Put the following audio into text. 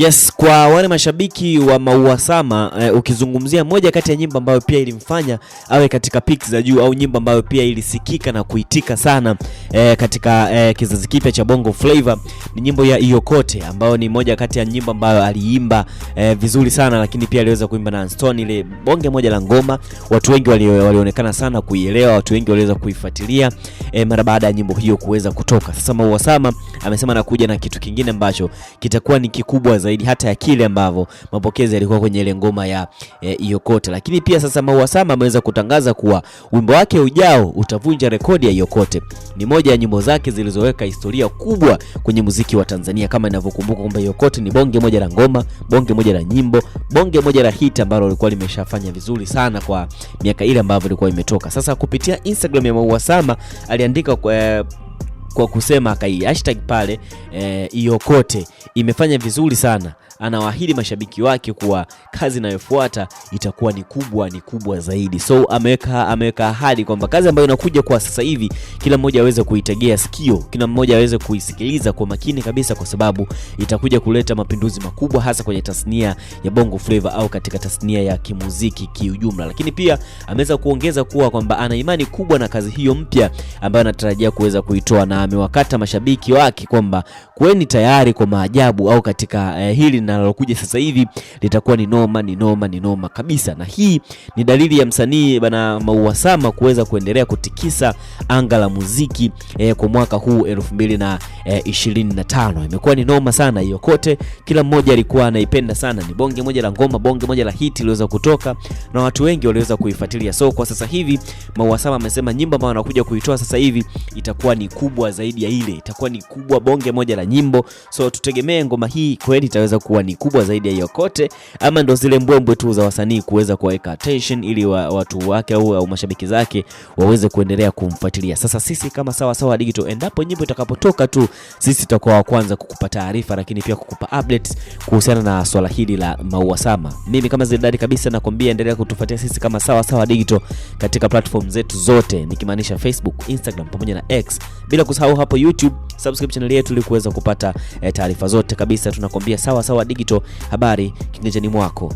Yes, kwa wale mashabiki wa Maua Sama eh, ukizungumzia moja kati ya nyimbo ambayo pia ilimfanya awe katika peak za juu au nyimbo ambayo pia ilisikika na kuitika sana eh, katika eh, kizazi kipya cha Bongo Flava ni nyimbo ya Iyokote ambayo ni moja kati ya nyimbo ambayo aliimba eh, vizuri sana, lakini pia aliweza kuimba na Stone, ile bonge moja la ngoma. Watu wengi walionekana sana kuielewa, watu wengi waliweza kuifuatilia eh, mara baada ya nyimbo hiyo kuweza kutoka. Sasa Mauwasama amesema anakuja na kitu kingine ambacho kitakuwa ni kikubwa zaidi hata ya kile ambavyo mapokezi yalikuwa kwenye ile ngoma ya eh, Iyokote, lakini pia sasa Mauwasama ameweza kutangaza kuwa wimbo wake ujao utavunja rekodi ya Iyokote ni moja moja ya nyimbo zake zilizoweka historia kubwa kwenye muziki wa Tanzania, kama inavyokumbuka kwamba Yokoti ni bonge moja la ngoma, bonge moja la nyimbo, bonge moja la hit ambalo lilikuwa limeshafanya vizuri sana kwa miaka ile ambavyo ilikuwa imetoka. Sasa kupitia Instagram ya Maua Sama aliandika kwa, eh, kwa kusema akai hashtag pale eh, iokote imefanya vizuri sana. Anawaahidi mashabiki wake kuwa kazi inayofuata itakuwa ni kubwa ni kubwa zaidi. So ameweka ameweka ahadi kwamba kazi ambayo inakuja kwa sasa hivi kila mmoja aweze kuitegea sikio, kila mmoja aweze kuisikiliza kwa makini kabisa, kwa sababu itakuja kuleta mapinduzi makubwa, hasa kwenye tasnia ya Bongo Flava au katika tasnia ya kimuziki kiujumla. Lakini pia ameweza kuongeza kuwa kwamba ana imani kubwa na kazi hiyo mpya ambayo anatarajia kuweza kuitoa na amewakata mashabiki wake kwamba kweni tayari kwa maajabu au katika eh, hili linalokuja sasa hivi litakuwa ni noma, ni noma, ni noma kabisa, na hii ni dalili ya msanii bana Mauwasama kuweza kuendelea kutikisa anga la muziki eh, kwa mwaka huu 2025 eh, Imekuwa ni noma sana hiyo kote, kila mmoja alikuwa anaipenda sana, ni bonge moja la ngoma, bonge moja la hiti iliweza kutoka na watu wengi waliweza kuifuatilia. So kwa sasa hivi mauasama amesema nyimbo ambayo anakuja kuitoa sasa hivi itakuwa ni kubwa zaidi ya ile, itakuwa ni kubwa bonge moja la nyimbo. So tutegemee ngoma hii kweli itaweza kuwa ni kubwa zaidi ya hiyo kote, ama ndo zile mbwembwe tu za wasanii kuweza kuweka attention ili wa, watu wake au, au mashabiki zake waweze kuendelea kumfuatilia. Sasa sisi kama Sawa Sawa Digital, endapo nyimbo itakapotoka tu, sisi tutakuwa wa kwanza kukupa taarifa, lakini pia kukupa updates kuhusiana na swala hili la Maua Sama. Mimi kama Zidadi kabisa nakwambia, endelea kutufuatia sisi kama Sawa Sawa Digital katika platform zetu zote, nikimaanisha Facebook, Instagram pamoja na X bila kusahau hapo YouTube subscribe channel yetu ili kuweza kupata eh, taarifa zote kabisa. Tunakwambia sawa sawa digital, habari kiganjani mwako.